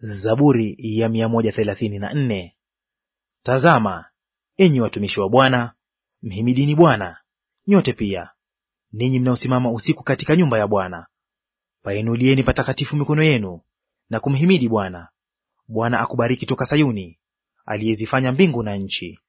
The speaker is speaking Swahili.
Zaburi ya 134. Tazama, enyi watumishi wa Bwana, mhimidini Bwana nyote pia, ninyi mnaosimama usiku katika nyumba ya Bwana. Painulieni patakatifu mikono yenu na kumhimidi Bwana. Bwana akubariki toka Sayuni, aliyezifanya mbingu na nchi.